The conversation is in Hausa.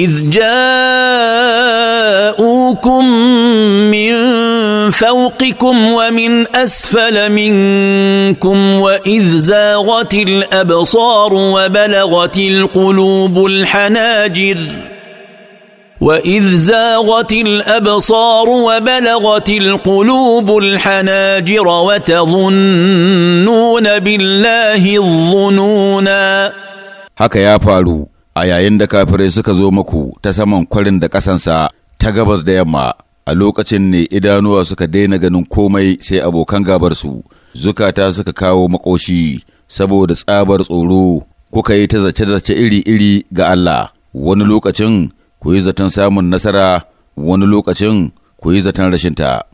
إذ جاءوكم من فوقكم ومن أسفل منكم وإذ زاغت الأبصار وبلغت القلوب الحناجر وإذ زاغت الأبصار وبلغت القلوب الحناجر وتظنون بالله الظنونا هكا يا فالو a yayin da kafirai suka zo maku ta saman kwarin da ƙasansa ta gabas da yamma a lokacin ne idanuwa suka daina ganin komai sai abokan gabarsu zukata suka kawo makoshi saboda tsabar tsoro kuka yi ta zace-zace iri-iri ga Allah wani lokacin ku yi zaton samun nasara wani lokacin ku yi zaton rashinta.